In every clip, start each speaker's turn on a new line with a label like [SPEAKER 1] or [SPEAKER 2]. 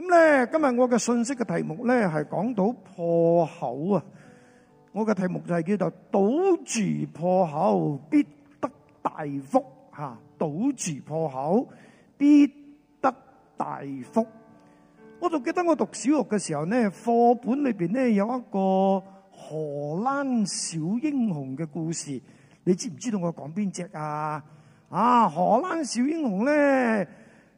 [SPEAKER 1] 咁咧，今日我嘅信息嘅題目咧係講到破口啊！我嘅題目就係叫做堵住破口必得大福吓，堵住破口必得大福。我就記得我讀小學嘅時候咧，課本裏邊咧有一個荷蘭小英雄嘅故事，你知唔知道我講邊隻啊？啊，荷蘭小英雄咧。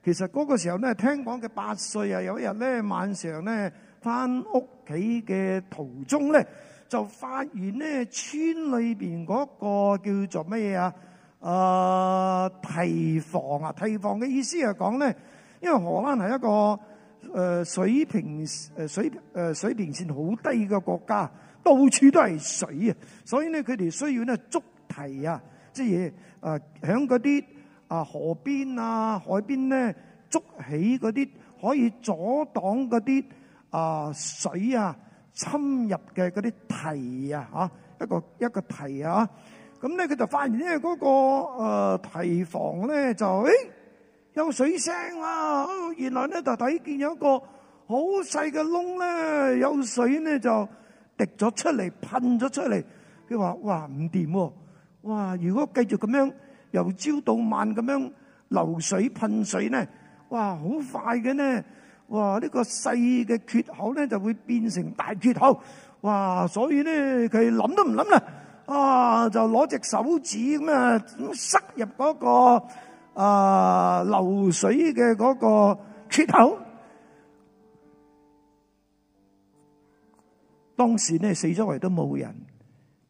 [SPEAKER 1] 其實嗰個時候咧，聽講嘅八歲啊，有一日咧晚上咧，翻屋企嘅途中咧，就發現咧村裏邊嗰個叫做咩嘢啊？誒堤防啊，堤防嘅意思係講咧，因為荷蘭係一個誒、呃、水平誒水誒、呃、水平線好低嘅國家，到處都係水啊，所以咧佢哋需要咧築堤啊，即係嘢，喺嗰啲。啊，河邊啊，海邊咧，築起嗰啲可以阻擋嗰啲啊水啊侵入嘅嗰啲堤啊，嚇一個一個堤啊，咁咧佢就發現咧嗰個誒堤防咧就誒有水聲啦，原來咧就睇見有一個好細嘅窿咧，有水咧就滴咗出嚟，噴咗出嚟，佢話：哇唔掂喎，哇如果繼續咁樣。由朝到晚咁樣流水噴水咧，哇！好快嘅咧，哇！呢個細嘅缺口咧就會變成大缺口，哇！所以咧佢諗都唔諗啦，啊！就攞隻手指咁啊塞入嗰個啊流水嘅嗰個缺口。當時咧四周圍都冇人。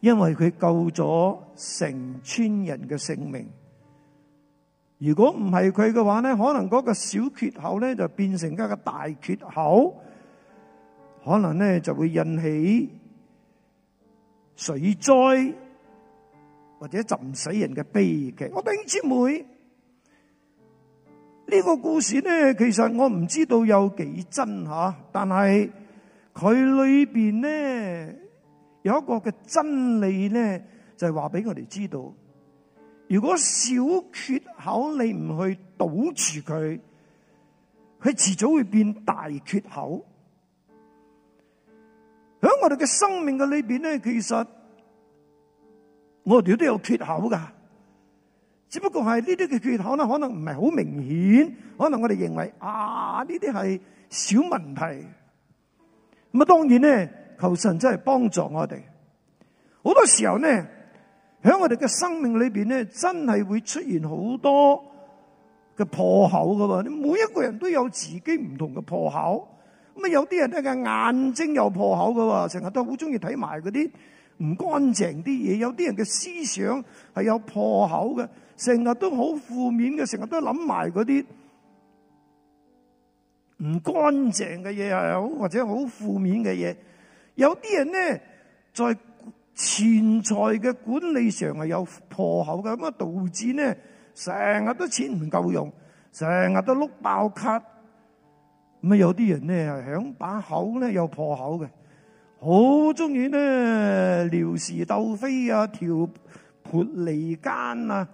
[SPEAKER 1] 因為佢救咗成村人嘅性命，如果唔係佢嘅話咧，可能嗰個小缺口咧就變成一個大缺口，可能咧就會引起水災，或者浸死人嘅悲劇。我頂姊妹呢個故事咧，其實我唔知道有幾真吓，但係佢裏邊咧。有一個嘅真理咧，就係話俾我哋知道，如果小缺口你唔去堵住佢，佢遲早會變大缺口。喺我哋嘅生命嘅裏邊咧，其實我哋都有缺口噶，只不過係呢啲嘅缺口咧，可能唔係好明顯，可能我哋認為啊，呢啲係小問題。咁啊，當然咧。求神真係幫助我哋，好多時候咧，喺我哋嘅生命裏邊咧，真係會出現好多嘅破口噶喎。每一個人都有自己唔同嘅破口，咁啊有啲人嘅眼睛有破口噶喎，成日都好中意睇埋嗰啲唔乾淨啲嘢。有啲人嘅思想係有破口嘅，成日都好負面嘅，成日都諗埋嗰啲唔乾淨嘅嘢，又或者好負面嘅嘢。有啲人呢，在錢財嘅管理上係有破口嘅，咁啊導致呢成日都錢唔夠用，成日都碌爆卡。咁啊有啲人呢係響把口呢有破口嘅，好鍾意呢撩事鬥非啊，挑撥離間啊，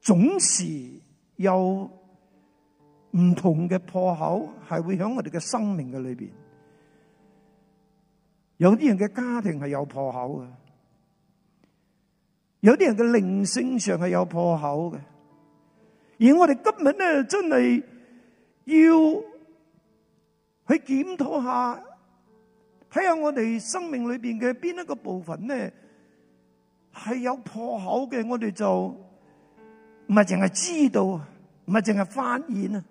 [SPEAKER 1] 總是又。唔同嘅破口係會響我哋嘅生命嘅裏邊，有啲人嘅家庭係有破口嘅，有啲人嘅靈性上係有破口嘅，而我哋今日咧真係要去檢討下，睇下我哋生命裏邊嘅邊一個部分咧係有破口嘅，我哋就唔係淨係知道，唔係淨係發現啊。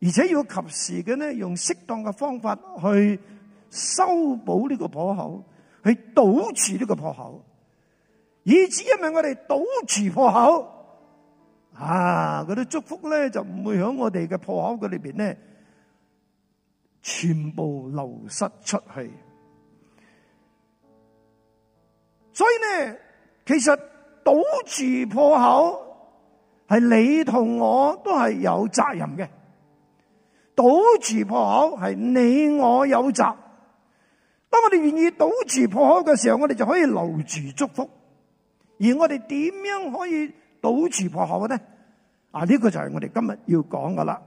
[SPEAKER 1] 而且要及時嘅咧，用適當嘅方法去修補呢個破口，去堵住呢個破口。以至因為我哋堵住破口，啊，嗰啲祝福咧就唔會響我哋嘅破口嘅裏邊咧，全部流失出去。所以咧，其實堵住破口係你同我都係有責任嘅。堵住破口係你我有責。當我哋願意堵住破口嘅時候，我哋就可以留住祝福。而我哋點樣可以堵住破口呢？啊，呢個就係我哋今日要講噶啦。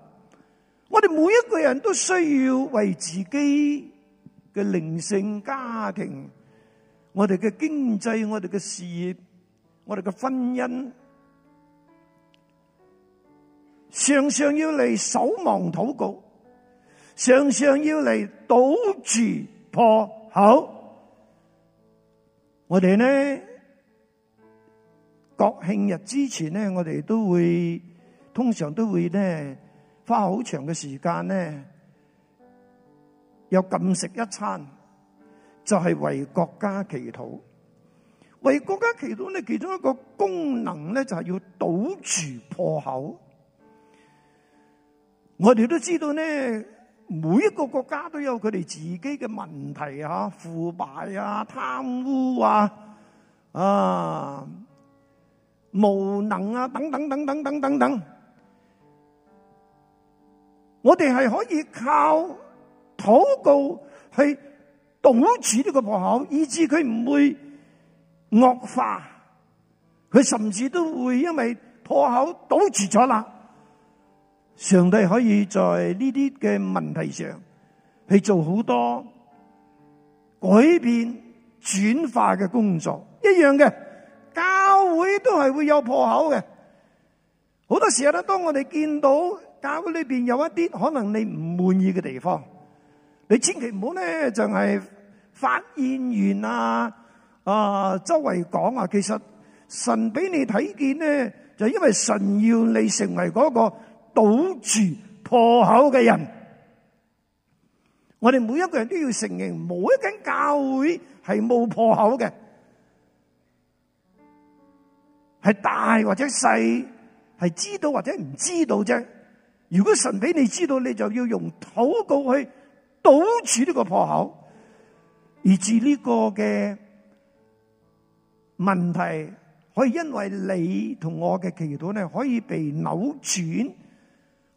[SPEAKER 1] 我哋每一個人都需要為自己嘅靈性、家庭、我哋嘅經濟、我哋嘅事業、我哋嘅婚姻。常常要嚟守望禱告，常常要嚟堵住破口。我哋呢國慶日之前呢，我哋都會通常都會呢花好長嘅時間呢，又禁食一餐，就係為國家祈禱。為國家祈禱呢，其中一個功能呢，就係要堵住破口。我哋都知道咧，每一個國家都有佢哋自己嘅問題啊，腐敗啊、貪污啊、啊無能啊等等等等等等，等等。我哋係可以靠禱告去堵住呢個破口，以至佢唔會惡化。佢甚至都會因為破口堵住咗啦。上帝可以在呢啲嘅問題上去做好多改變轉化嘅工作，一樣嘅，教會都係會有破口嘅。好多時候咧，當我哋見到教會裏邊有一啲可能你唔滿意嘅地方，你千祈唔好咧，就係發言員啊啊，周圍講啊。其實神俾你睇見咧，就因為神要你成為嗰個。堵住破口嘅人，我哋每一個人都要承認，冇一間教會係冇破口嘅，係大或者細，係知道或者唔知道啫。如果神俾你知道，你就要用禱告去堵住呢個破口，而至呢個嘅問題可以因為你同我嘅祈禱咧，可以被扭轉。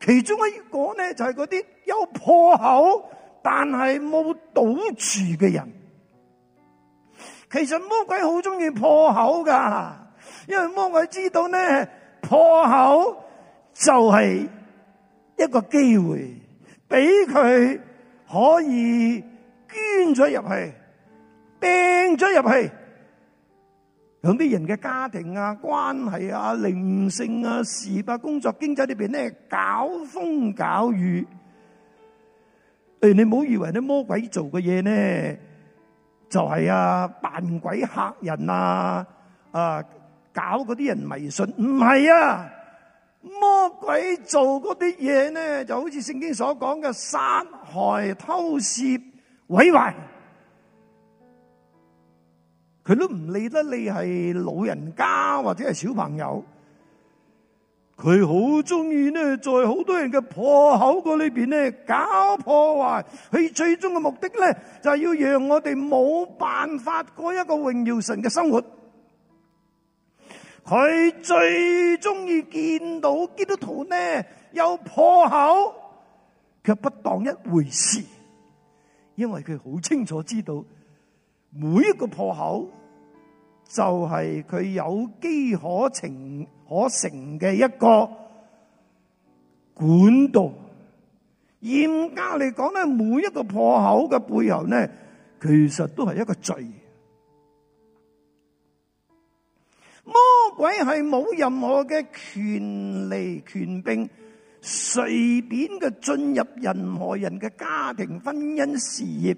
[SPEAKER 1] 其中一個呢就係嗰啲有破口但係冇堵住嘅人。其實魔鬼好鍾意破口㗎，因為魔鬼知道呢破口就係一個機會，俾佢可以捐咗入去、掟咗入去。同啲人嘅家庭啊、關係啊、靈性啊、事業啊、工作、經濟呢邊咧，搞風搞雨。誒、欸，你唔好以為啲魔鬼做嘅嘢咧，就係、是、啊扮鬼嚇人啊，啊搞嗰啲人迷信，唔係啊，魔鬼做嗰啲嘢咧，就好似聖經所講嘅殺害偷、偷竊、毀壞。佢都唔理得你係老人家或者係小朋友，佢好中意咧，在好多人嘅破口嗰裏邊咧搞破壞。佢最終嘅目的咧，就係要讓我哋冇辦法過一個榮耀神嘅生活。佢最中意見到基督徒咧有破口，卻不當一回事，因為佢好清楚知道每一個破口。就係佢有機可，可成可乘嘅一個管道。嚴格嚟講咧，每一個破口嘅背後咧，其實都係一個罪。魔鬼係冇任何嘅權利權柄，隨便嘅進入任何人嘅家庭、婚姻、事業。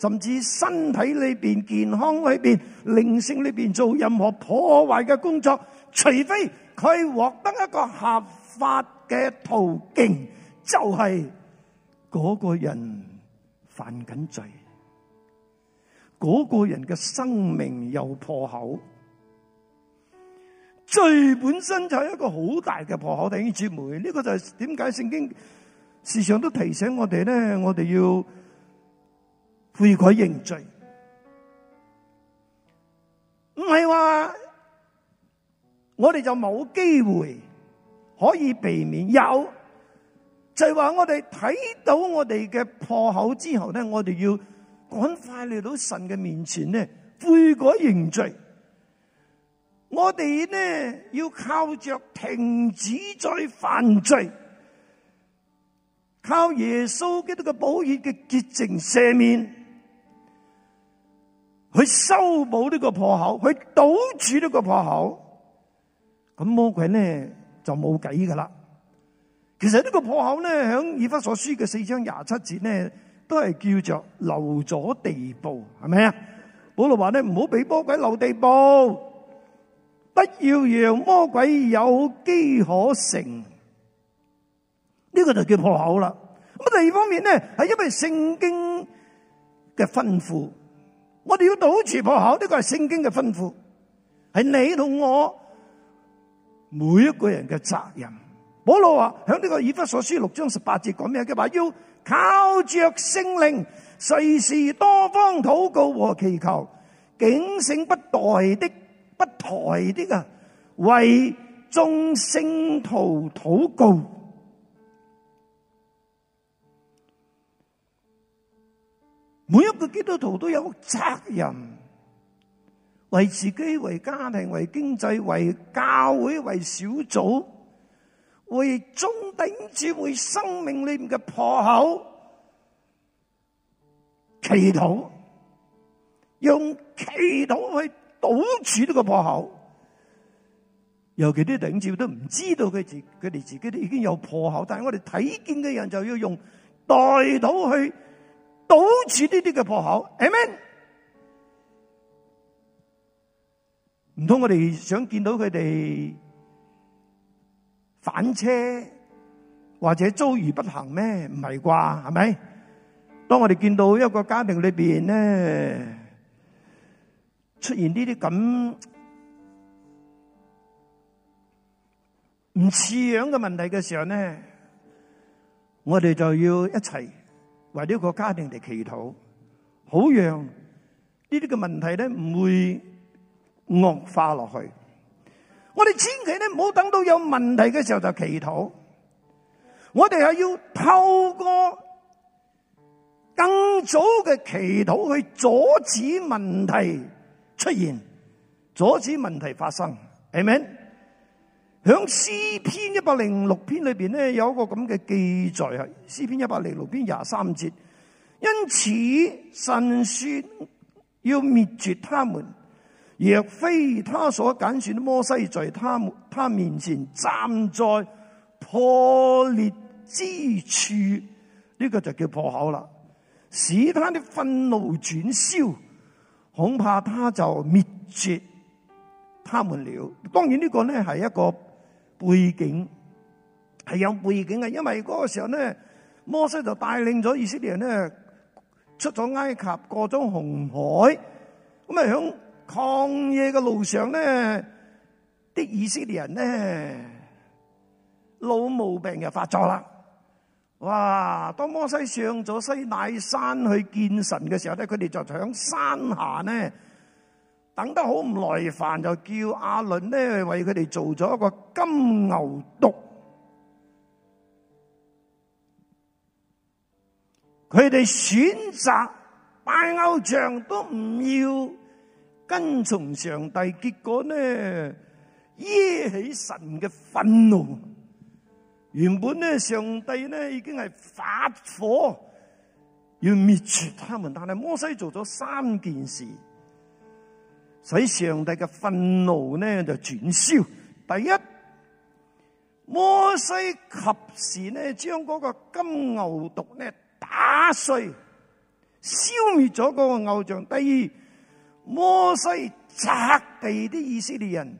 [SPEAKER 1] 甚至身體裏邊、健康裏邊、靈性裏邊做任何破壞嘅工作，除非佢獲得一個合法嘅途徑，就係、是、嗰個人犯緊罪，嗰 個人嘅生命又破口，罪本身就係一個好大嘅破口。弟兄姊妹，呢、這個就係點解聖經時常都提醒我哋咧，我哋要。悔改認罪，唔係話我哋就冇機會可以避免。有就係話我哋睇到我哋嘅破口之後咧，我哋要趕快嚟到神嘅面前呢，悔改認罪。我哋呢要靠着停止再犯罪，靠耶穌基督嘅寶血嘅潔淨赦免，去修補呢個破口，去堵住呢個破口，咁魔鬼呢就冇計噶啦。其實呢個破口呢，喺以弗所書嘅四章廿七節呢，都係叫做留咗地步，係咪啊？保羅話咧，唔好俾魔鬼留地步，不要讓魔鬼有機可乘。呢個就叫破口啦。咁啊，第二方面呢，係因為聖經嘅吩咐。我哋要堵住破口，呢個係聖經嘅吩咐，係你同我每一個人嘅責任。保羅話喺呢個以弗所書六章十八節講咩？佢話要靠着聖靈，隨時多方禱告和祈求，警醒不怠的，不怠啲噶，為眾聖徒禱告。每一個基督徒都有責任，為自己、為家庭、為經濟、為教會、為小組，為中頂住，為生命裏面嘅破口祈禱，用祈禱去堵住呢個破口。尤其啲頂住都唔知道佢自佢哋自己都已經有破口，但係我哋睇見嘅人就要用代禱去，堵住呢啲嘅破口，Amen。唔通我哋想見到佢哋反車或者遭遇不幸咩？唔係啩？係咪？當我哋見到一個家庭裏邊咧出現呢啲咁唔似樣嘅問題嘅時候咧，我哋就要一齊。為一個家庭嚟祈禱，好讓呢啲嘅問題咧唔會惡化落去。我哋千祈咧唔好等到有問題嘅時候就祈禱。我哋係要透過更早嘅祈禱去阻止問題出現，阻止問題發生，係咪？響詩篇一百零六篇裏邊咧，有一個咁嘅記載係詩篇一百零六篇廿三節。因此神說，要滅絕他們，若非他所揀選的摩西在他們他面前站在破裂之處，呢個就叫破口啦，使他的憤怒轉消，恐怕他就滅絕他們了。當然這個呢個咧係一個。背景係有背景嘅，因為嗰個時候呢，摩西就帶領咗以、以色列人呢出咗埃及，過咗紅海，咁啊響曠野嘅路上呢，啲以色列人呢老毛病又發作啦。哇！當摩西上咗西乃山去見神嘅時候咧，佢哋就響山下呢。等得好唔耐煩，就叫阿倫咧為佢哋做咗一個金牛犢。佢哋選擇拜偶像都唔要跟從上帝，結果咧惹起神嘅憤怒。原本咧上帝咧已經係發火要滅絕他們，但係摩西做咗三件事。喺上帝嘅憤怒呢就轉消。第一，摩西及時呢將嗰個金牛犢呢打碎，消滅咗嗰個偶像。第二，摩西責備啲以色列人，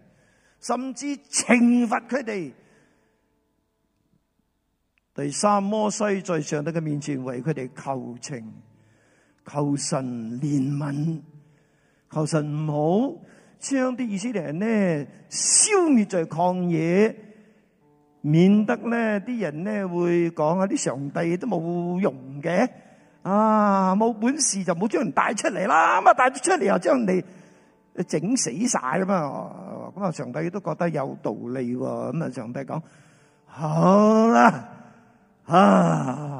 [SPEAKER 1] 甚至懲罰佢哋。第三，摩西在上帝嘅面前為佢哋求情，求神憐憫。求神唔好將啲以色列人呢，消滅在曠野，免得咧啲人呢會講啊，啲上帝都冇用嘅，啊冇本事就冇將人帶出嚟啦，咁啊帶咗出嚟又將人哋整死晒啦嘛，咁啊上帝都覺得有道理喎，咁啊上帝講好啦啊！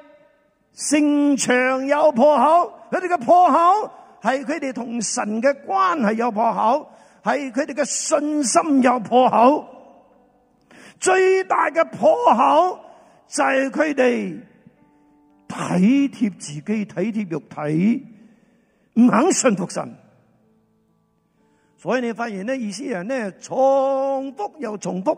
[SPEAKER 1] 城牆有破口，佢哋嘅破口係佢哋同神嘅關係有破口，係佢哋嘅信心有破口，最大嘅破口就係佢哋體貼自己，體貼肉體，唔肯信服神。所以你發現咧，意思係人咧，重複又重複。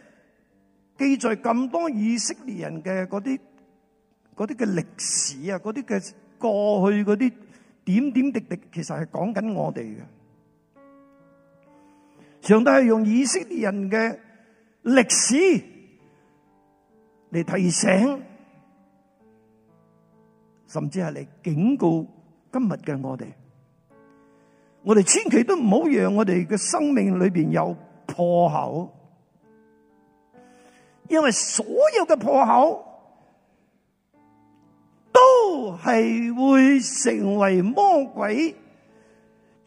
[SPEAKER 1] 記載咁多以色列人嘅嗰啲嗰啲嘅歷史啊，嗰啲嘅過去嗰啲點點滴滴，其實係講緊我哋嘅。上帝係用以色列人嘅歷史嚟提醒，甚至係嚟警告今日嘅我哋。我哋千祈都唔好讓我哋嘅生命裏邊有破口。因為所有嘅破口都係會成為魔鬼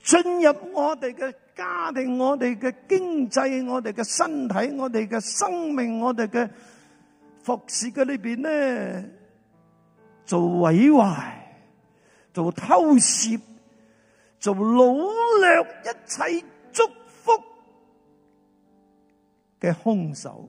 [SPEAKER 1] 進入我哋嘅家庭、我哋嘅經濟、我哋嘅身體、我哋嘅生命、我哋嘅服侍嘅裏邊咧，做毀壞、做偷竊、做擄掠一切祝福嘅兇手。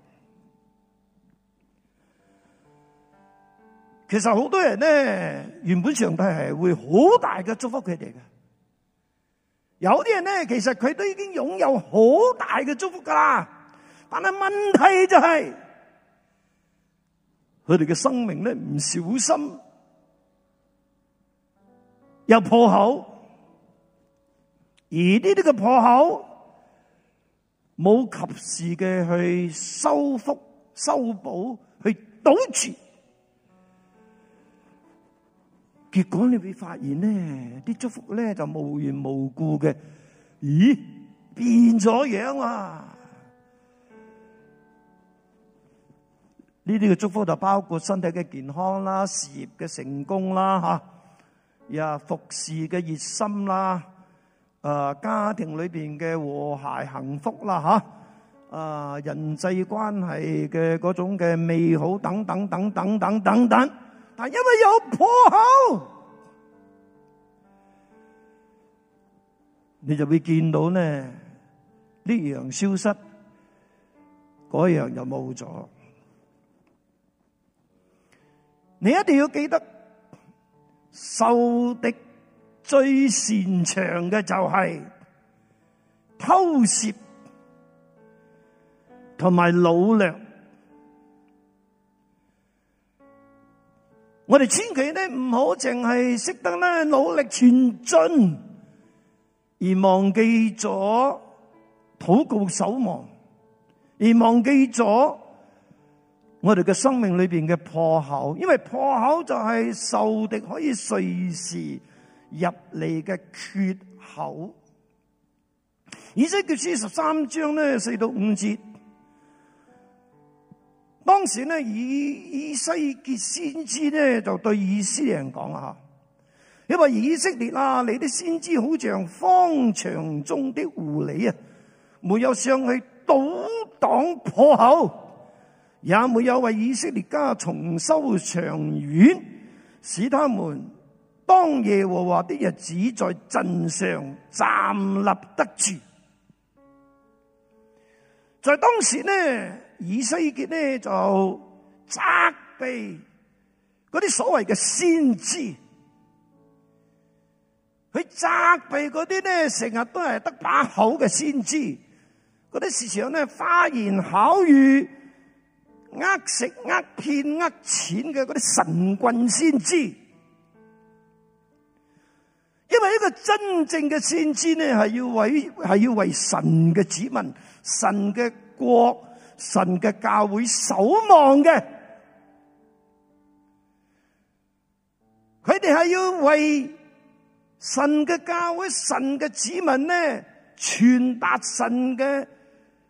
[SPEAKER 1] 其實好多人咧，原本上帝係會好大嘅祝福佢哋嘅。有啲人咧，其實佢都已經擁有好大嘅祝福噶啦。但係問題就係，佢哋嘅生命咧唔小心有破口，而呢啲嘅破口冇及時嘅去修復、修補、去堵住。結果你會發現咧，啲祝福咧就無緣無故嘅，咦，變咗樣啊！呢啲嘅祝福就包括身體嘅健康啦、事業嘅成功啦、吓、啊服侍嘅熱心啦、啊家庭裏邊嘅和諧幸福啦、吓、啊人際關係嘅嗰種嘅美好等等等等等等等。因為有破口，你就會見到呢，呢樣消失，嗰樣就冇咗。你一定要記得，受敵最擅長嘅就係偷竊同埋努力。我哋千祈咧唔好淨係識得咧努力前進，而忘記咗禱告守望，而忘記咗我哋嘅生命裏邊嘅破口，因為破口就係受敵可以隨時入嚟嘅缺口。以西結書十三章咧四到五節。當時呢，以以西結先知呢，就對以色列人講啊，因為以色列啊，你啲先知好像荒場中的狐狸啊，沒有上去堵擋破口，也沒有為以色列家重修牆垣，使他們當耶和華的日子在陣上站立得住。在當時呢。以西結呢，就責備嗰啲所謂嘅先知，佢責備嗰啲呢，成日都係得把口嘅先知，嗰啲時常呢，花言巧語、呃食、呃騙、呃錢嘅嗰啲神棍先知。因為一個真正嘅先知呢，係要為係要為神嘅子民、神嘅國。神嘅教會守望嘅，佢哋係要為神嘅教會、神嘅子民呢，傳達神嘅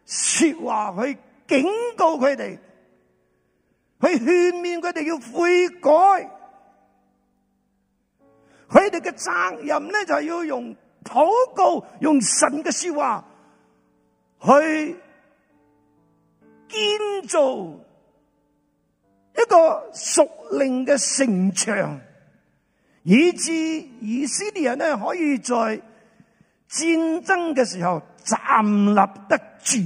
[SPEAKER 1] 說話去警告佢哋，去勸勉佢哋要悔改。佢哋嘅責任呢，就係要用禱告、用神嘅說話去。建造一個屬靈嘅城牆，以致以色列人呢可以在戰爭嘅時候站立得住。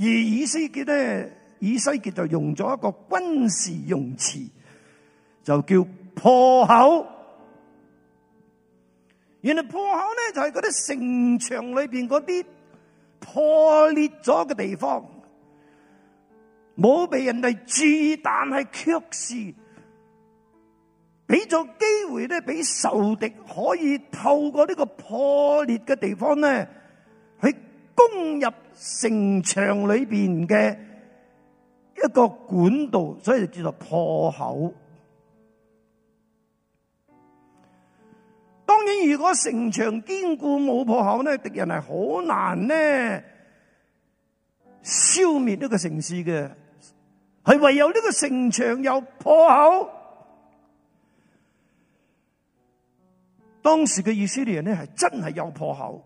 [SPEAKER 1] 而以西結呢，以西結就用咗一個軍事用詞，就叫破口。原來破口咧就係嗰啲城牆裏邊嗰啲破裂咗嘅地方，冇俾人哋注意，但係卻是俾咗機會咧，俾仇敵可以透過呢個破裂嘅地方咧去攻入城牆裏邊嘅一個管道，所以就叫做破口。當然，如果城牆堅固冇破口咧，敵人係好難呢消滅呢個城市嘅。係唯有呢個城牆有破口，當時嘅以色列人咧係真係有破口，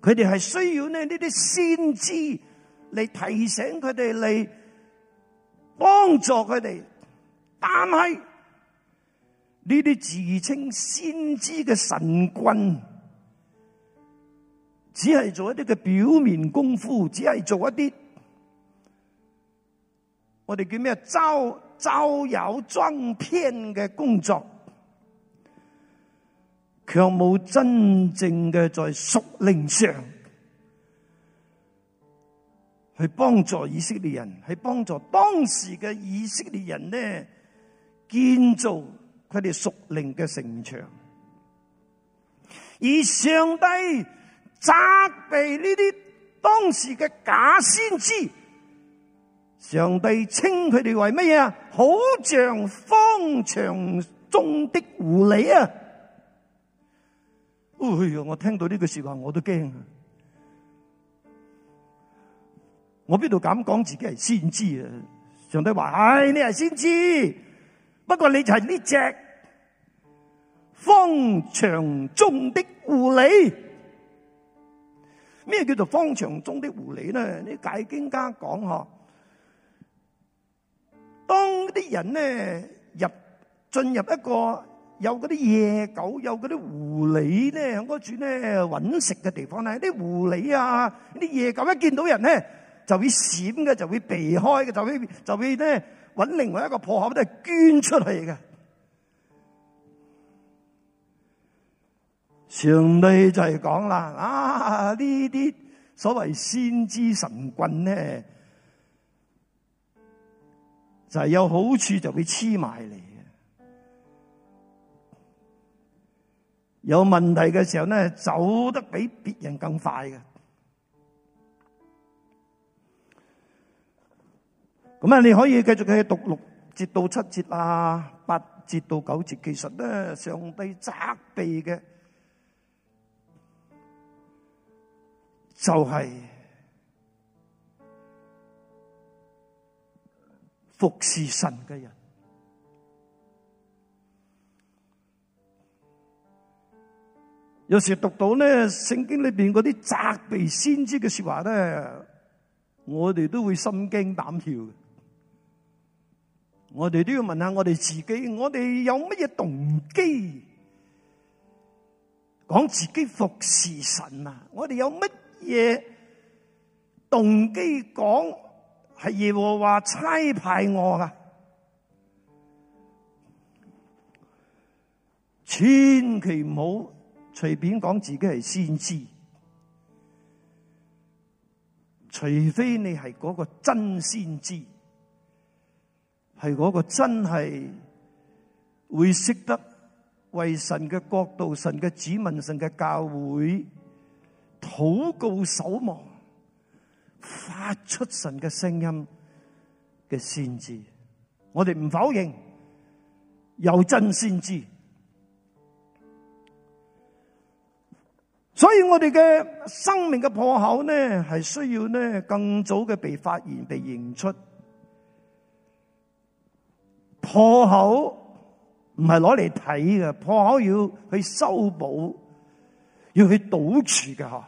[SPEAKER 1] 佢哋係需要咧呢啲先知嚟提醒佢哋嚟幫助佢哋，但係。呢啲自稱先知嘅神棍，只係做一啲嘅表面功夫，只係做一啲我哋叫咩招招搖撞騙嘅工作，卻冇真正嘅在屬靈上去幫助以色列人，去幫助當時嘅以色列人呢建造，佢哋屬靈嘅城牆，而上帝責備呢啲當時嘅假先知，上帝稱佢哋為乜嘢啊？好像荒場中的狐狸啊！哎呀，我聽到呢句說話我都驚，我邊度敢講自己係先知啊？上帝話：唉、哎，你係先知。不過你就係呢隻荒場中的狐狸。咩叫做荒場中的狐狸呢？啲解經家講吓，當啲人呢入，進入一個有嗰啲夜狗、有嗰啲狐狸呢喺嗰處呢揾食嘅地方咧，啲狐狸啊、啲夜狗一見到人呢，就會閃嘅，就會避開嘅，就會就會呢。揾另外一個破口都係捐出去嘅。上帝就係講啦，啊呢啲所謂先知神棍呢，就係、是、有好處就會黐埋嚟嘅，有問題嘅時候呢，走得比別人更快嘅。咁啊，你可以繼續繼續去讀六節到七節啊，八節到九節。其實咧，上帝責備嘅就係服侍神嘅人。有時讀到咧聖經裏邊嗰啲責備先知嘅說話咧，我哋都會心驚膽跳嘅。我哋都要問下我哋自己，我哋有乜嘢動機講自己服侍神啊？我哋有乜嘢動機講係耶和華差派我噶？千祈唔好隨便講自己係先知，除非你係嗰個真先知。係嗰個真係會識得為神嘅國度、神嘅子民、神嘅教會禱告守望，發出神嘅聲音嘅先知，我哋唔否認，有真先知。所以我哋嘅生命嘅破口呢，係需要呢更早嘅被發現、被認出。破口唔係攞嚟睇嘅，破口要去修補，要去堵住嘅吓。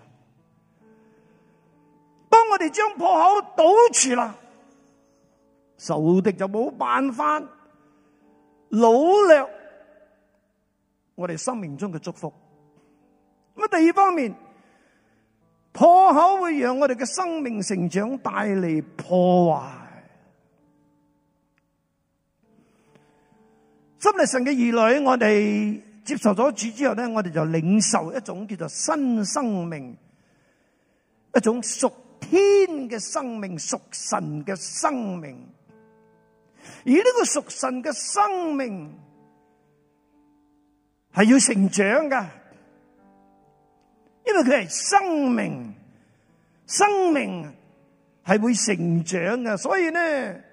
[SPEAKER 1] 當我哋將破口堵住啦，仇敵就冇辦法擄掠我哋生命中嘅祝福。咁第二方面，破口會讓我哋嘅生命成長帶嚟破壞。心理神嘅兒女，我哋接受咗主之後咧，我哋就領受一種叫做新生命，一種屬天嘅生命，屬神嘅生命。而呢個屬神嘅生命係要成長噶，因為佢係生命，生命係會成長噶，所以咧。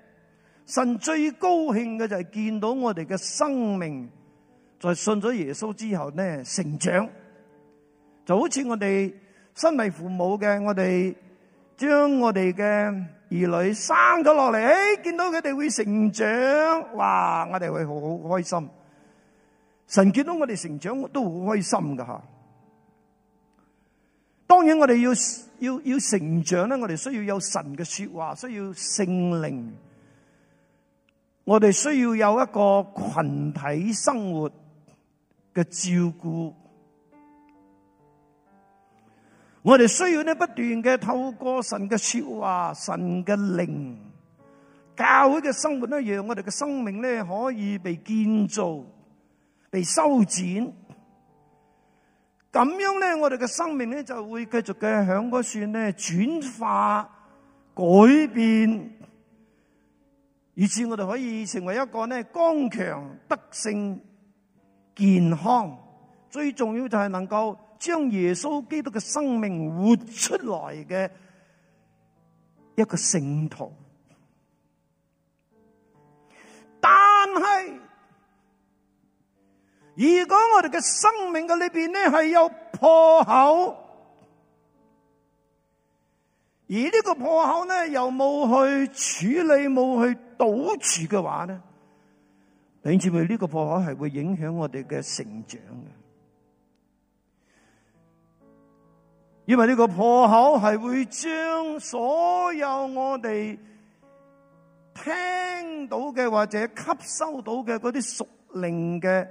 [SPEAKER 1] 神最高興嘅就係見到我哋嘅生命在信咗耶穌之後呢成長，就好似我哋身為父母嘅，我哋將我哋嘅兒女生咗落嚟，誒見到佢哋會成長，哇我哋會好開心。神見到我哋成長都好開心㗎吓。當然我哋要要要成長咧，我哋需要有神嘅說話，需要聖靈。我哋需要有一個群體生活嘅照顧，我哋需要咧不斷嘅透過神嘅說話、神嘅靈、教會嘅生活，咧讓我哋嘅生命咧可以被建造、被修剪。咁樣咧，我哋嘅生命咧就會繼續嘅響嗰處咧轉化、改變。以致我哋可以成為一個呢剛強、德性、健康，最重要就係能夠將耶穌基督嘅生命活出來嘅一個聖徒。但係，如果我哋嘅生命嘅裏邊呢係有破口，而呢個破口呢又冇去處理，冇去。堵住嘅話咧，弟兄姊妹，呢個破口係會影響我哋嘅成長嘅，因為呢個破口係會將所有我哋聽到嘅，或者吸收到嘅嗰啲屬靈嘅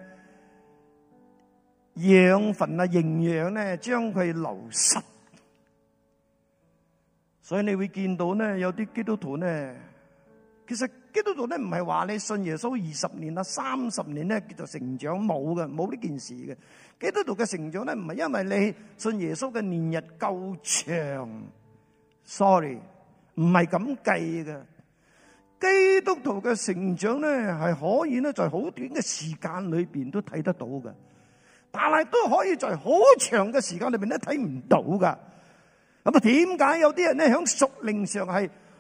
[SPEAKER 1] 養分啊、營養咧，將佢流失，所以你會見到咧，有啲基督徒咧，其實。基督徒咧唔係話你信耶穌二十年啊，三十年咧叫做成長，冇嘅，冇呢件事嘅。基督徒嘅成長咧唔係因為你信耶穌嘅年日夠長，Sorry，唔係咁計嘅。基督徒嘅成長咧係可以咧在好短嘅時間裏邊都睇得到嘅，但係都可以在好長嘅時間裏邊咧睇唔到噶。咁啊，點解有啲人咧喺屬靈上係？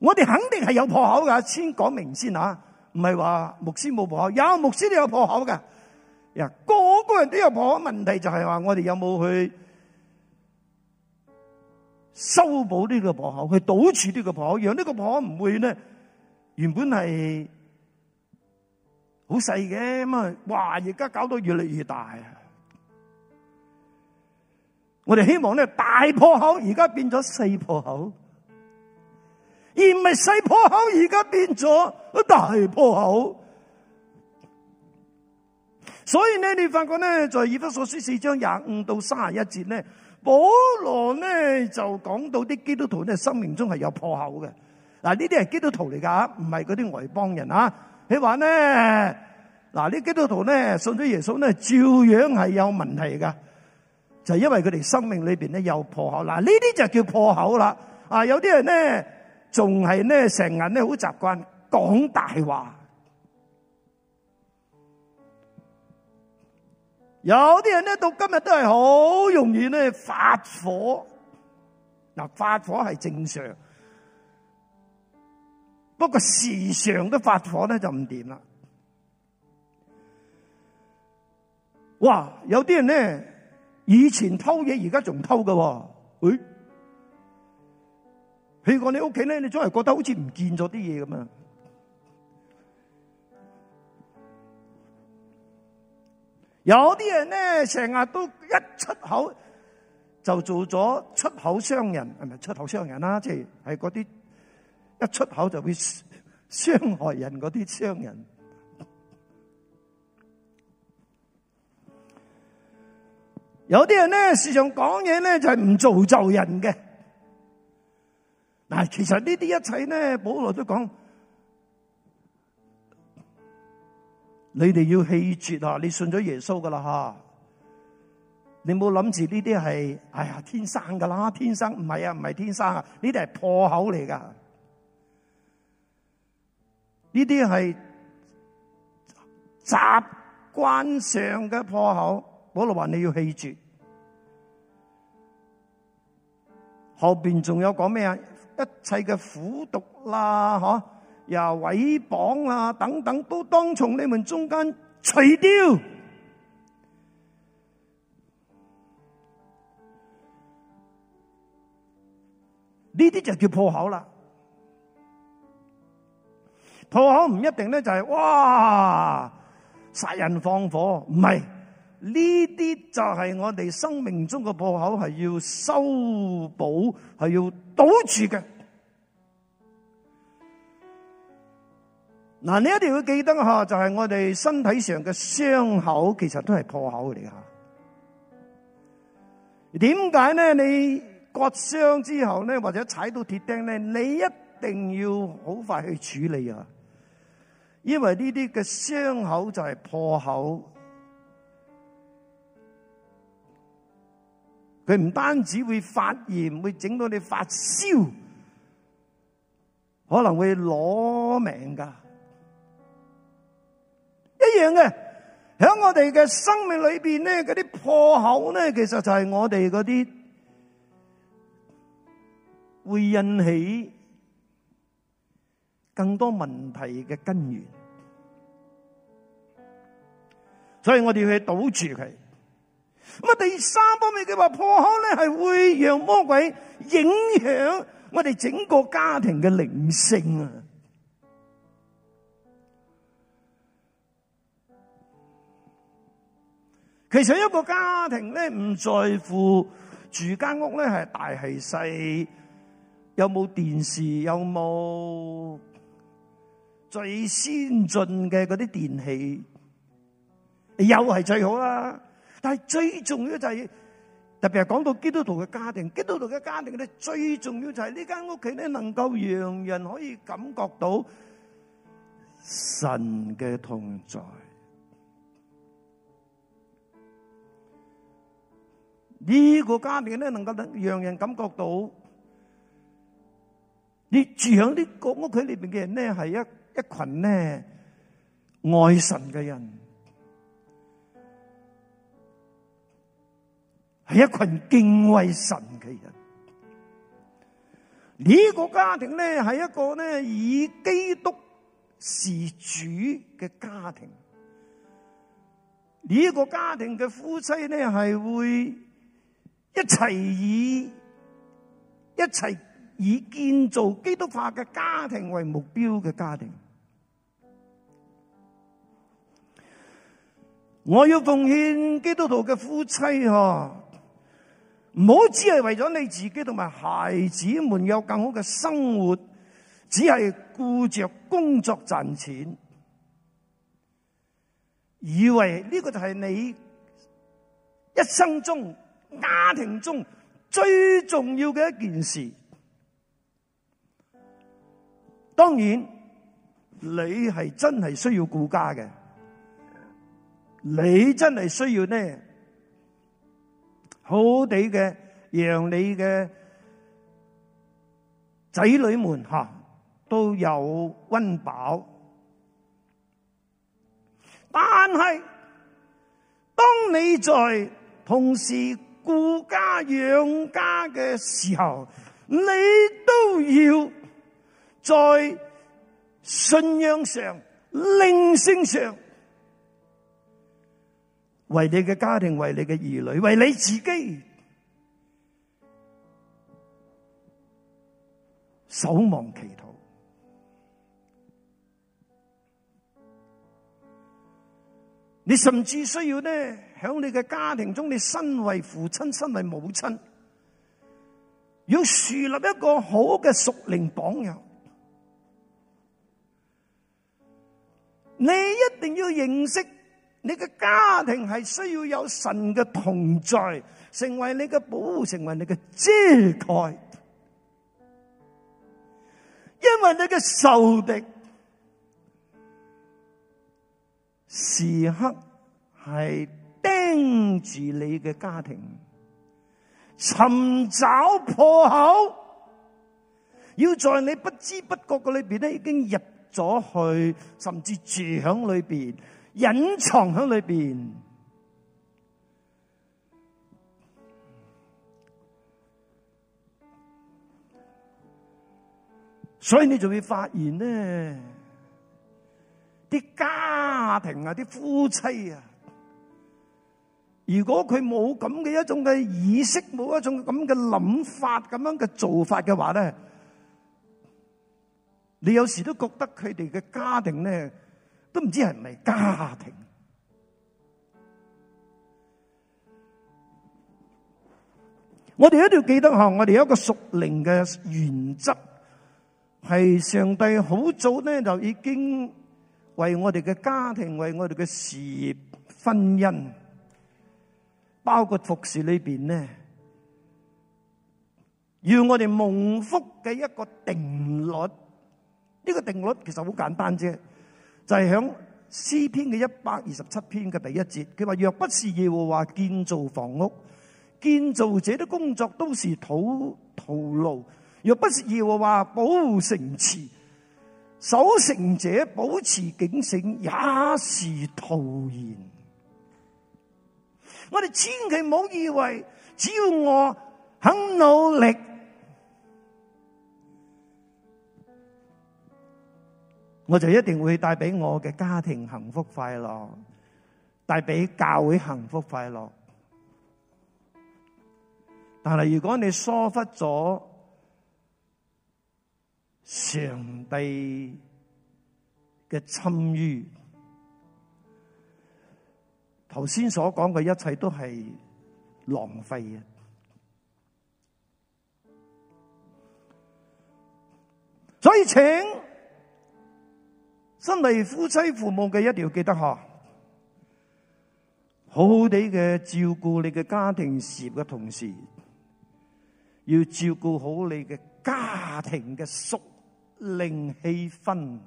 [SPEAKER 1] 我哋肯定係有破口噶，先講明先吓。唔係話牧師冇破口，有牧師都有破口嘅。呀，個個人都有破口，問題就係話我哋有冇去修補呢個破口，去堵住呢個破口，讓呢個破口唔會呢原本係好細嘅咁啊，哇！而家搞到越嚟越大啊！我哋希望呢大破口而家變咗細破口。而唔係細破口，而家變咗大破口。所以呢，你發覺呢，在以弗所書四章廿五到卅一節呢，保羅呢就講到啲基督徒呢，生命中係有破口嘅。嗱，呢啲係基督徒嚟噶，唔係嗰啲外邦人啊。你話呢？嗱，呢基督徒呢，信咗耶穌呢，照樣係有問題噶，就係、是、因為佢哋生命裏邊呢有破口。嗱，呢啲就叫破口啦。啊，有啲人呢。仲係呢成日呢好習慣講大話，有啲人呢到今日都係好容易呢發火。嗱，發火係正常，不過時常都發火呢就唔掂啦。哇！有啲人呢以前偷嘢，而家仲偷㗎，誒、哎？佢講你屋企咧，你總係覺得好似唔見咗啲嘢咁啊！有啲人咧，成日都一出口就做咗出口傷人，係咪出口傷人啦？即係係嗰啲一出口就會傷害人嗰啲傷人。有啲人咧，時常講嘢咧，就係、是、唔做就人嘅。嗱，其實呢啲一切呢，保羅都講，你哋要氣絕啊！你信咗耶穌噶啦吓，你冇諗住呢啲係，哎呀，天生噶啦，天生唔係啊，唔係天生啊，呢啲係破口嚟噶，呢啲係習慣上嘅破口，保羅話你要氣絕，後邊仲有講咩啊？一切嘅苦毒啦、啊，嗬、啊，又毀謗啊，等等，都當從你們中間除掉。呢啲就叫破口啦。破口唔一定咧、就是，就係哇，殺人放火，唔係。呢啲就係我哋生命中嘅破口，係要修補，係要堵住嘅。嗱，你一定要記得吓，就係我哋身體上嘅傷口，其實都係破口嚟嘅。點解呢？你割傷之後呢，或者踩到鐵釘呢？你一定要好快去處理啊！因為呢啲嘅傷口就係破口。佢唔單止會發炎，會整到你發燒，可能會攞命噶。一樣嘅，喺我哋嘅生命裏邊咧，嗰啲破口咧，其實就係我哋嗰啲會引起更多問題嘅根源，所以我哋要去堵住佢。咁啊，第三方面佢話破口咧，係會讓魔鬼影響我哋整個家庭嘅靈性啊。其實一個家庭咧，唔在乎住間屋咧係大係細，有冇電視，有冇最先進嘅嗰啲電器，又係最好啦。但係最重要就係，特別係講到基督徒嘅家庭，基督徒嘅家庭咧，最重要就係呢間屋企咧，能夠讓人可以感覺到神嘅同在。呢個家庭咧，能夠讓讓人感覺到，你住喺呢個屋企裏邊嘅人咧，係一一群咧愛神嘅人。係一群敬畏神嘅人，呢個家庭咧係一個咧以基督事主嘅家庭，呢個家庭嘅夫妻咧係會一齊以一齊以建造基督化嘅家庭為目標嘅家庭。我要奉獻基督徒嘅夫妻嗬。唔好只係為咗你自己同埋孩子們有更好嘅生活，只係顧着工作賺錢，以為呢個就係你一生中家庭中最重要嘅一件事。當然，你係真係需要顧家嘅，你真係需要呢？好地嘅，讓你嘅仔女們吓都有溫飽。但係當你在同時顧家養家嘅時候，你都要在信仰上、靈性上。為你嘅家庭，為你嘅兒女，為你自己，守望祈禱。你甚至需要呢，響你嘅家庭中，你身為父親，身為母親，要樹立一個好嘅屬靈榜樣。你一定要認識。你嘅家庭係需要有神嘅同在，成為你嘅保護，成為你嘅遮蓋。因為你嘅仇敵時刻係盯住你嘅家庭，尋找破口，要在你不知不覺嘅裏邊咧，已經入咗去，甚至住喺裏邊。隱藏喺裏邊，所以你就會發現咧，啲家庭啊，啲夫妻啊，如果佢冇咁嘅一種嘅意識，冇一種咁嘅諗法，咁樣嘅做法嘅話咧，你有時都覺得佢哋嘅家庭咧。都唔知係唔係家庭。我哋一定要記得，我哋有一個屬靈嘅原則，係上帝好早咧就已經為我哋嘅家庭、為我哋嘅事業、婚姻，包括服侍裏邊咧，要我哋蒙福嘅一個定律。呢個定律其實好簡單啫。就係響詩篇嘅一百二十七篇嘅第一節，佢話，若不是耶和華建造房屋，建造者的工作都是徒徒勞；若不是耶和華保護城池，守城者保持警醒也是徒然。我哋千祈唔好以為只要我肯努力，我就一定會帶俾我嘅家庭幸福快樂，帶俾教會幸福快樂。但係如果你疏忽咗上帝嘅參與，頭先所講嘅一切都係浪費嘅，所以請。身為夫妻父母嘅，一定要記得吓，好好地嘅照顧你嘅家庭事業嘅同時，要照顧好你嘅家庭嘅屬靈氣氛，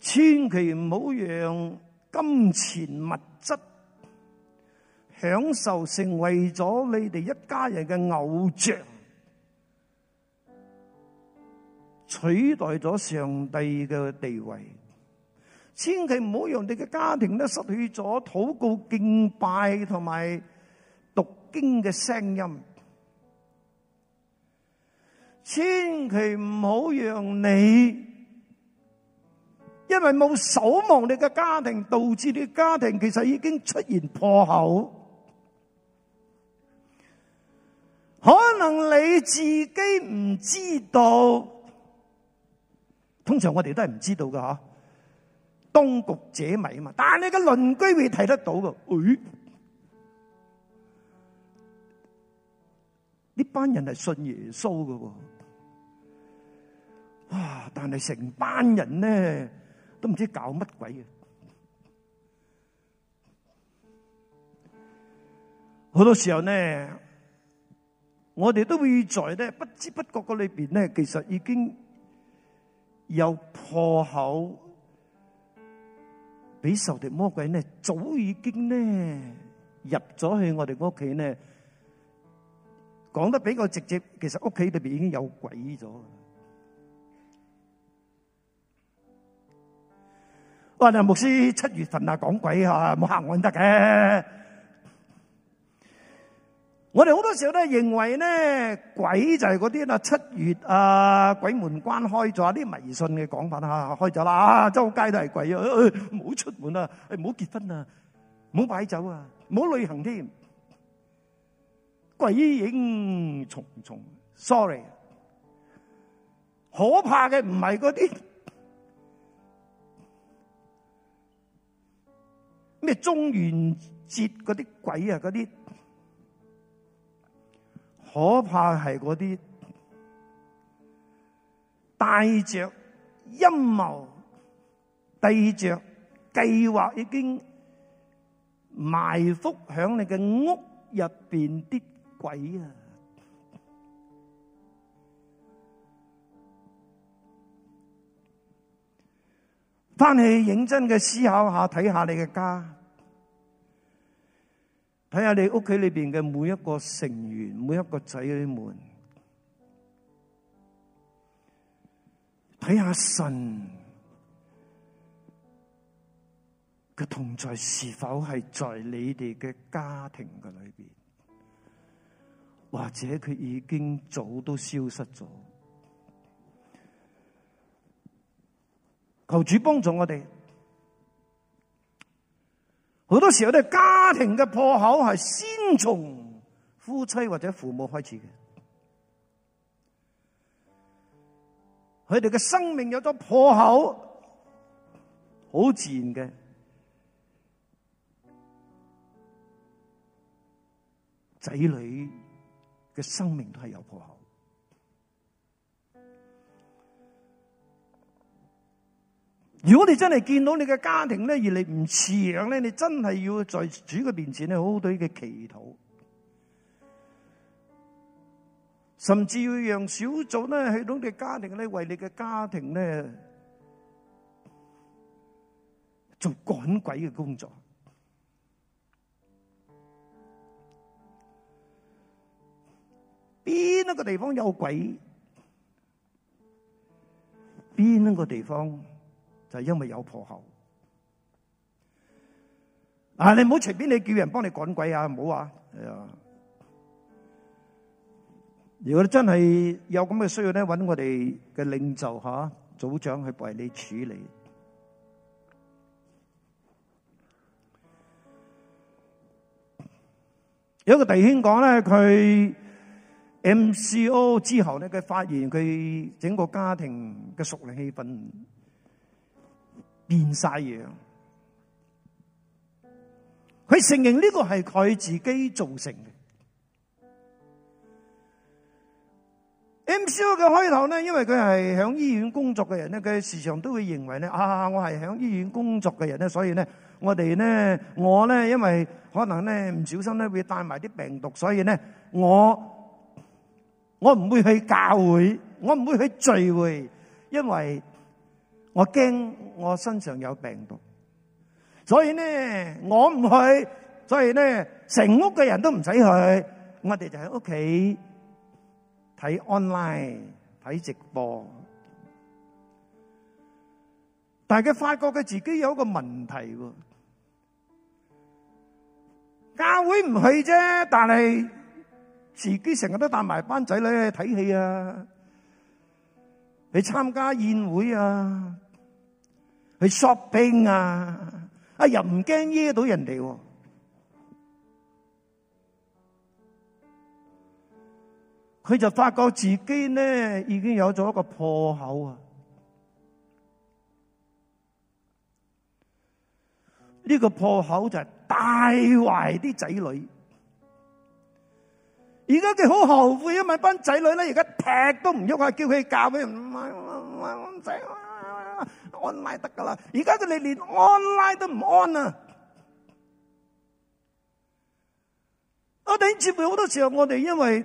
[SPEAKER 1] 千祈唔好讓金錢物質享受成為咗你哋一家人嘅偶像。取代咗上帝嘅地位，千祈唔好讓你嘅家庭都失去咗禱告敬拜同埋讀經嘅聲音。千祈唔好讓你，因為冇守望你嘅家庭，導致你嘅家庭其實已經出現破口，可能你自己唔知道。通常我哋都係唔知道噶哈，當局者迷啊嘛，但係你個鄰居會睇得到噶。誒，呢班人係信耶穌噶，哇！但係成班人咧都唔知搞乜鬼嘅。好多時候咧，我哋都會在咧不知不覺個裏邊咧，其實已經。有破口，俾仇敵魔鬼呢，早已經呢，入咗去我哋屋企呢。講得比較直接，其實屋企裏邊已經有鬼咗。我話你牧師七月份啊講鬼啊，冇吓我得嘅。我哋好多時候都係認為咧鬼就係嗰啲啦，七月啊，鬼門關開咗，啲迷信嘅講法啦，開咗啦，啊，周街都係鬼啊，唔好出門啊，唔好結婚啊，唔好擺酒啊，唔好旅行添，鬼影重重。Sorry，可怕嘅唔係嗰啲咩中元節嗰啲鬼啊嗰啲。可怕係嗰啲帶着陰謀、帶着計劃，已經埋伏響你嘅屋入邊啲鬼啊！返去認真嘅思考下，睇下你嘅家。睇下你屋企裏邊嘅每一個成員，每一個仔女們，睇下神嘅同在是否係在你哋嘅家庭嘅裏面，或者佢已經早都消失咗。求主幫助我哋。好多時候，啲家庭嘅破口係先從夫妻或者父母開始嘅，佢哋嘅生命有咗破口，好自然嘅，仔女嘅生命都係有破口。如果你真係見到你嘅家庭咧，而你唔似樣咧，你真係要在主嘅面前咧，好好對佢祈禱，甚至要讓小組咧喺到你嘅家庭咧，為你嘅家庭咧做趕鬼嘅工作。邊一個地方有鬼？邊一個地方？就因為有破口，啊！你唔好隨便你叫人幫你趕鬼啊！唔好啊，係啊。如果你真係有咁嘅需要咧，搵我哋嘅領袖吓、組長去為你處理。有個弟兄講咧，佢 MCO 之後咧，佢發現佢整個家庭嘅熟齡氣氛。變晒樣，佢承認呢個係佢自己造成嘅。MCO 嘅開頭呢，因為佢係響醫院工作嘅人呢，佢時常都會認為呢啊，我係響醫院工作嘅人呢，所以呢，我哋呢，我呢，因為可能呢唔小心呢會帶埋啲病毒，所以呢，我我唔會去教會，我唔會去聚會，因為。我驚我身上有病毒，所以呢我唔去，所以呢成屋嘅人都唔使去，我哋就喺屋企睇 online 睇直播。但係佢發覺佢自己有一個問題喎，教會唔去啫，但係自己成日都帶埋班仔女去睇戲啊，去參加宴會啊。去 shopping 啊！啊又唔驚惹到人哋，佢就發覺自己咧已經有咗一個破口啊！呢個破口就係帶壞啲仔女，而家佢好後悔啊！咪班仔女咧，而家踢都唔喐啊！叫佢教俾人，唔使。o n n e 得噶啦，而家真你連 o n i n e 都唔 online。我哋接觸好多時候，我哋因為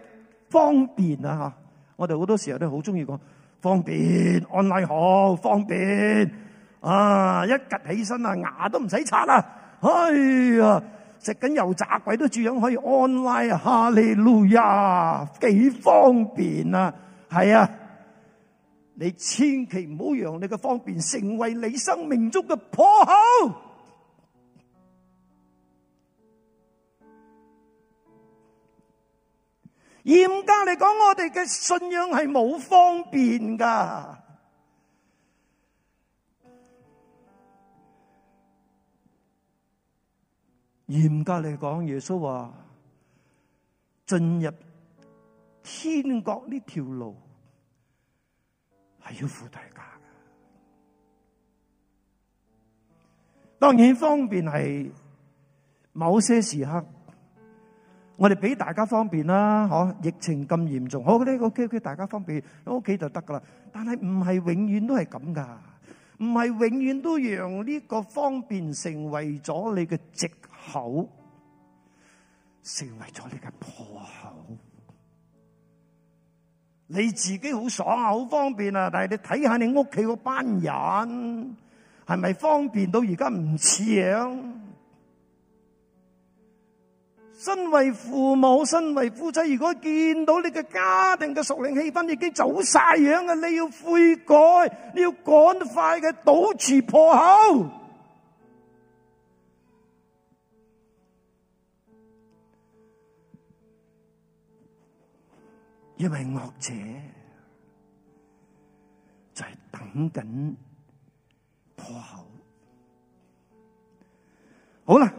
[SPEAKER 1] 方便啊吓，我哋好多時候都好中意講方便 o n n e 好方便，啊啊啊哎、line, elujah, 方便啊！一趌起身啊，牙都唔使刷啦，哎呀，食緊油炸鬼都住樣可以 o n l n e 哈利路亞，幾方便啊！係啊。你千祈唔好讓你嘅方便成為你生命中嘅破口。嚴格嚟講，我哋嘅信仰係冇方便㗎。嚴格嚟講，耶穌話進入天國呢條路。係要付代價噶當然方便係某些時刻，我哋俾大家方便啦，嗬？疫情咁嚴重，好呢個 OK，K 大家方便喺屋企就得噶啦。但係唔係永遠都係咁噶，唔係永遠都讓呢個方便成為咗你嘅借口，成為咗你嘅破口。你自己好爽啊，好方便啊，但係你睇下，你屋企嗰班人，係咪方便到而家唔似樣？身為父母，身為夫妻，如果見到你嘅家庭嘅熟齡氣氛已經走晒樣啊，你要悔改，你要趕快嘅堵住破口。因為惡者就係等緊破口。好啦，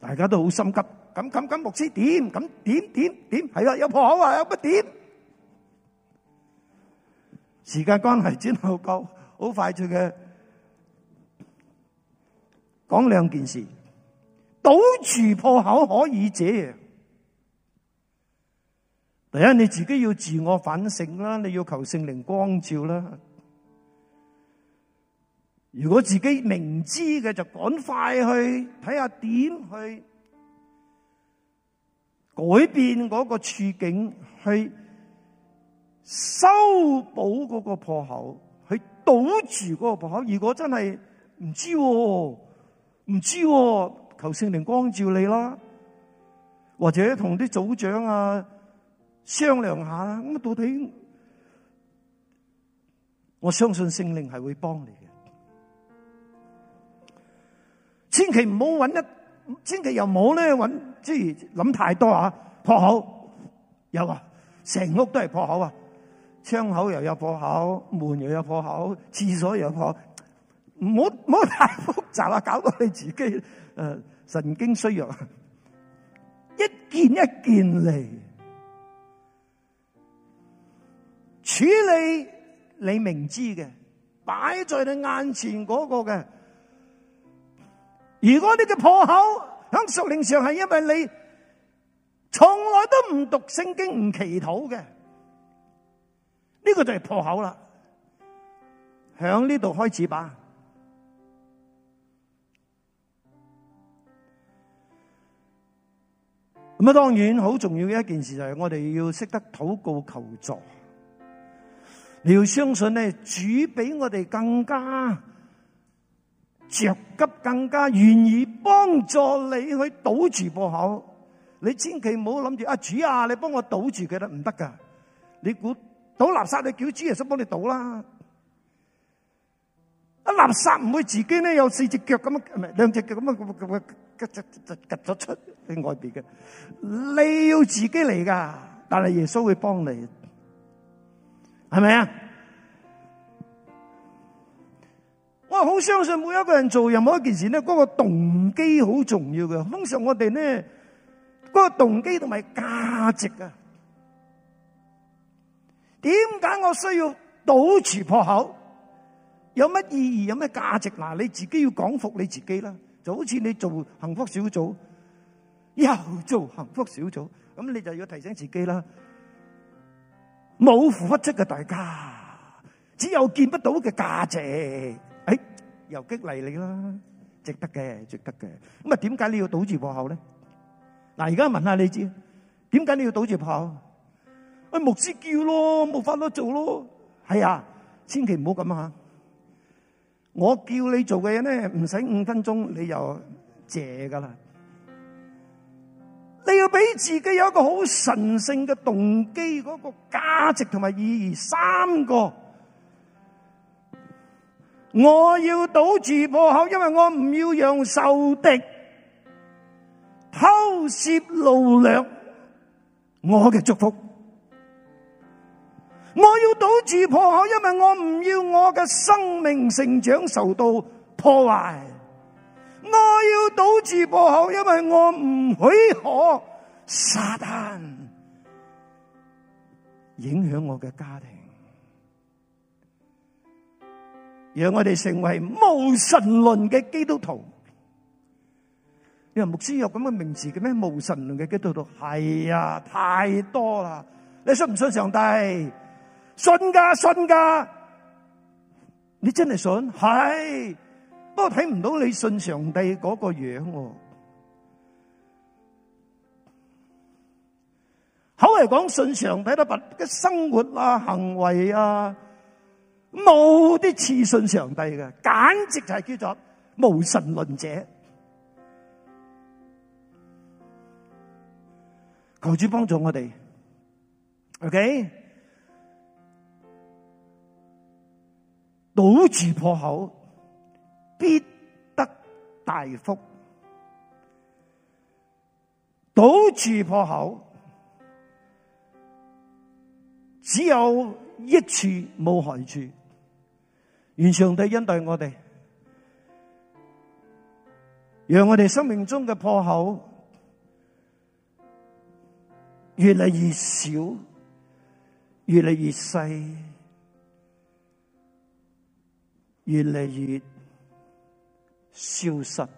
[SPEAKER 1] 大家都好心急，咁咁咁，牧師點？咁點點點係啦，有破口啊，有乜點？時間關係，只能夠好快脆嘅講兩件事，堵住破口可以啫。第一，你自己要自我反省啦，你要求聖靈光照啦。如果自己明知嘅，就趕快去睇下點去改變嗰個處境，去修補嗰個破口，去堵住嗰個破口。如果真係唔知，唔知，求聖靈光照你啦，或者同啲組長啊，商量下啦，咁啊到底，我相信聖靈係會幫你嘅。千祈唔好搵一，千祈又唔好咧搵，即係諗太多啊！破口有啊，成屋都係破口啊，窗口又有破口，門又有破口，廁所又有破口，唔好唔好太複雜啊！搞到你自己誒、呃、神經衰弱，一件一件嚟。處理你明知嘅，擺在你眼前嗰個嘅。如果你嘅破口響屬令靈上係因為你從來都唔讀聖經唔祈禱嘅，呢、這個就係破口啦。響呢度開始吧。咁啊，當然好重要嘅一件事就係我哋要識得禱告求助。你要相信咧，主比我哋更加着急，更加願意幫助你去堵住破口。你千祈唔好諗住阿主啊，你幫我堵住佢得唔得噶？你估倒垃圾你叫主耶穌幫你倒啦？阿垃圾唔會自己咧，有四隻腳咁樣，唔係兩隻腳咁樣，夾咗出喺外邊嘅。你要自己嚟噶，但係耶穌會幫你。係咪啊？我好相信每一個人做任何一件事咧，嗰個動機好重要嘅。通常我哋咧，嗰個動機同埋價值啊，點解我需要堵住破口？有乜意義？有乜價值？嗱，你自己要講服你自己啦。就好似你做幸福小組，又做幸福小組，咁你就要提醒自己啦。冇付不出嘅代價，只有見不到嘅價值。哎，又激勵你啦，值得嘅，值得嘅。咁啊，點解你要堵住破口咧？嗱，而家問下你知，點解你要堵住破口？哎，牧師叫咯，冇法度做咯。係啊，千祈唔好咁啊！我叫你做嘅嘢咧，唔使五分鐘，你又借噶啦。俾自己有一個好神聖嘅動機，嗰個價值同埋意義，三個我要堵住破口，因為我唔要讓仇敵偷竊擄掠我嘅祝福。我要堵住破口，因為我唔要我嘅生命成長受到破壞。我要堵住破口，因為我唔許可。撒旦影響我嘅家庭，讓我哋成為無神論嘅基督徒。你話牧師有咁嘅名詞嘅咩？無神論嘅基督徒係啊，太多啦！你信唔信上帝？信㗎，信㗎。你真係信？係，不過睇唔到你信上帝嗰個樣喎。口嚟講，信上帝，但係佢嘅生活啊、行為啊，冇啲次信上帝嘅，簡直就係叫做無神論者。求主幫助我哋，OK？堵住破口，必得大福。堵住破口。只有益處冇害處，願上帝恩待我哋，讓我哋生命中嘅破口越嚟越少，越嚟越細，越嚟越消失，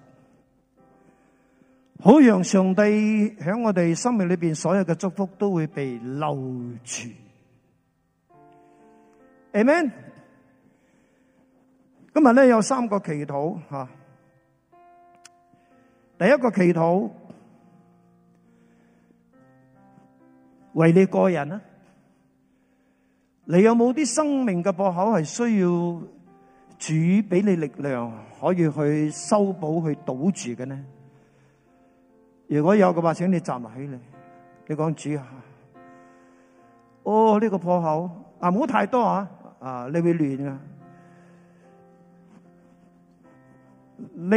[SPEAKER 1] 好讓上帝響我哋生命裏邊所有嘅祝福都會被留住。Amen，今日咧，有三個祈禱吓。啊，第一個祈禱為你個人啊，你有冇啲生命嘅破口係需要主俾你力量可以去修補去堵住嘅呢？如果有嘅話，請你站埋起嚟，你講主啊，哦呢，這個破口啊，唔好太多啊。啊！你會亂噶，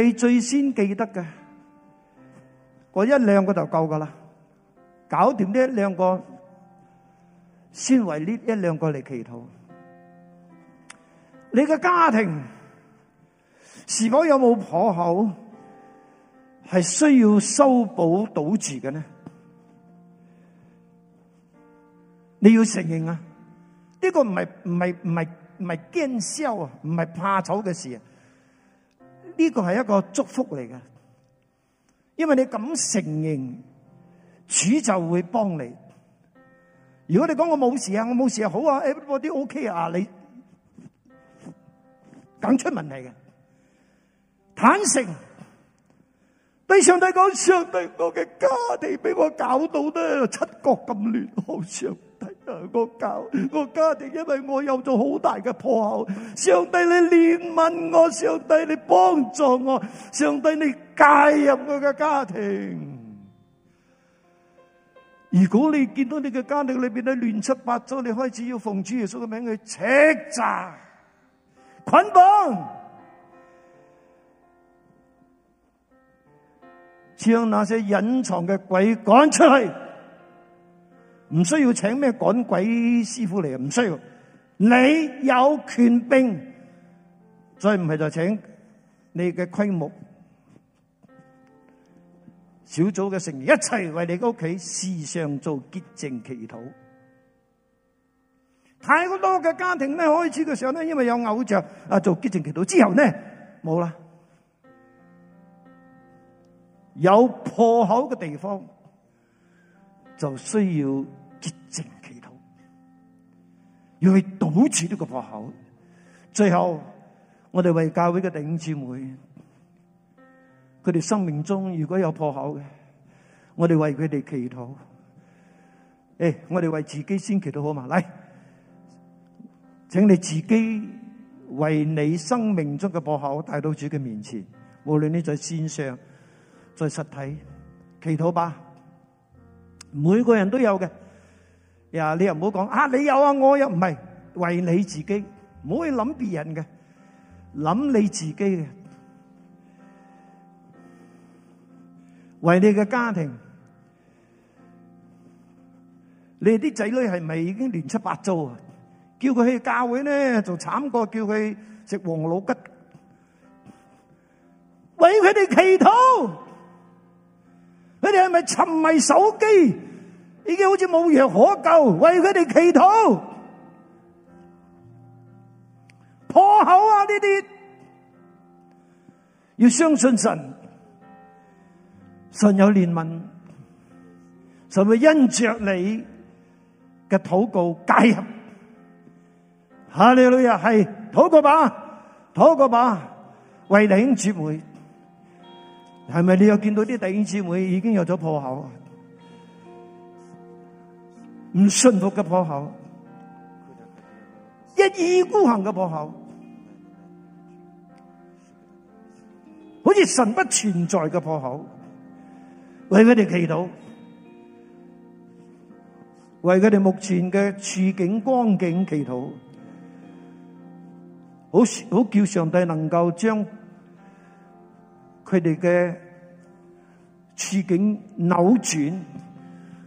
[SPEAKER 1] 你最先記得嘅，嗰一兩個就夠噶啦，搞掂呢一兩個，先為呢一兩個嚟祈禱。你嘅家庭是否有冇破口，係需要修補堵住嘅呢？你要承認啊！呢個唔係唔係唔係唔係驚羞啊，唔係怕醜嘅事啊，呢個係一個祝福嚟嘅，因為你敢承認，主就會幫你。如果你講我冇事啊，我冇事啊，好啊，Everybody OK 啊，你，敢出問題嘅，坦誠，對上帝講，上帝我嘅家庭俾我搞到都，七國咁亂，好笑。我教，我家庭因為我有咗好大嘅破口，上帝你憐憫我，上帝你幫助我，上帝你介入我嘅家庭。如果你見到你嘅家庭裏邊咧亂七八糟，你開始要奉主耶穌嘅名去斥責、捆綁、將那些隱藏嘅鬼趕出去。唔需要請咩趕鬼師傅嚟啊！唔需要，你有權柄，再唔係就請你嘅規模小組嘅成員一齊為你個屋企事上做潔淨祈禱。太多多嘅家庭咧，開始嘅時候咧，因為有偶像啊，做潔淨祈禱之後咧，冇啦，有破口嘅地方。就需要潔淨祈禱，要去堵住呢個破口。最後，我哋為教會嘅弟兄姊妹，佢哋生命中如果有破口嘅，我哋為佢哋祈禱。誒，我哋為自己先祈禱好嘛？嚟，請你自己為你生命中嘅破口帶到主嘅面前，無論你在線上、在實體，祈禱吧。每個人都有嘅，呀你又唔好講啊！你有啊，我又唔係為你自己，唔好去諗別人嘅，諗你自己嘅，為你嘅家庭。你啲仔女係咪已經亂七八糟啊？叫佢去教會咧，就慘過叫佢食王老吉。為佢哋祈禱，佢哋係咪沉迷手機？已經好似無藥可救，為佢哋祈禱，破口啊！呢啲，要相信神，神有憐憫，神會因着你嘅禱告介入。哈利路亞係禱個把，禱個把，為弟兄姊妹，係咪？你又見到啲弟兄姊妹已經有咗破口？唔信服嘅破口，一意孤行嘅破口，好似神不存在嘅破口，為佢哋祈禱，為佢哋目前嘅處境光景祈禱，好好叫上帝能夠將佢哋嘅處境扭轉。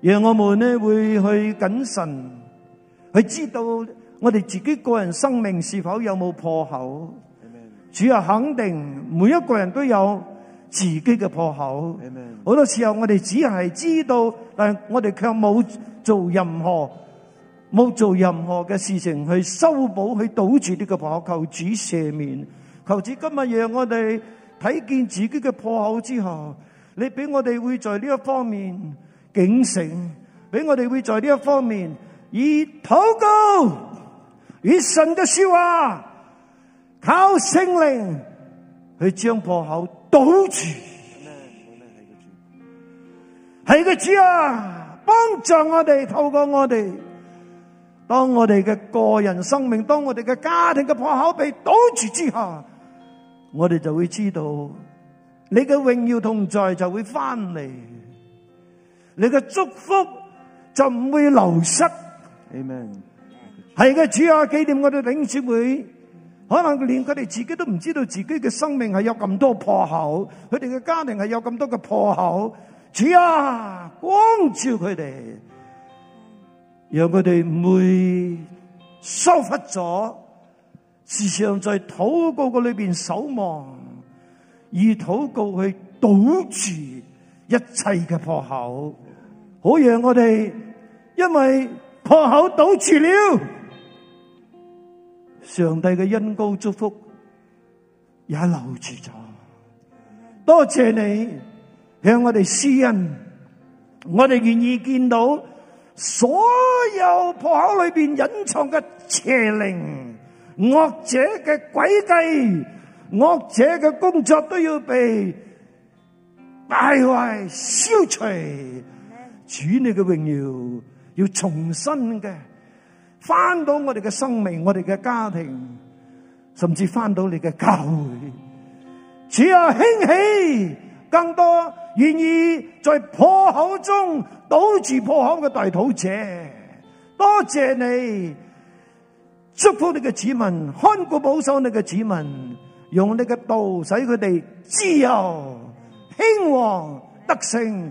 [SPEAKER 1] 讓我們呢會去謹慎，去知道我哋自己個人生命是否有冇破口。Amen. 主要肯定每一個人都有自己嘅破口。好 Amen. 多時候我哋只係知道，但係我哋卻冇做任何冇做任何嘅事情去修補，去堵住呢個破口。求主赦免，求主今日讓我哋睇見自己嘅破口之後，你俾我哋會在呢一方面，警醒，俾我哋會在呢一方面，以禱告、以神嘅說話，靠聖靈去將破口堵住。係個主啊，幫助我哋，透過我哋，當我哋嘅個人生命，當我哋嘅家庭嘅破口被堵住之下，我哋就會知道，你嘅榮耀同在就會翻嚟。你嘅祝福就唔會流失，amen。係嘅，主啊，紀念我哋領主會，可能連佢哋自己都唔知道自己嘅生命係有咁多破口，佢哋嘅家庭係有咁多嘅破口。主啊，光照佢哋，讓佢哋唔會疏忽咗，時常在禱告嘅裏邊守望，以禱告去堵住一切嘅破口。好讓我哋因為破口堵住了，上帝嘅恩膏祝福也留住咗。多謝你向我哋施恩，我哋願意見到所有破口裏面隱藏嘅邪靈、惡者嘅詭計、惡者嘅工作都要被敗壞消除。主你嘅榮耀要重新嘅返到我哋嘅生命，我哋嘅家庭，甚至返到你嘅教會，此啊興起更多願意在破口中堵住破口嘅代禱者。多謝你祝福你嘅子民，看顧保守你嘅子民，用你嘅道使佢哋自由、興旺、得勝。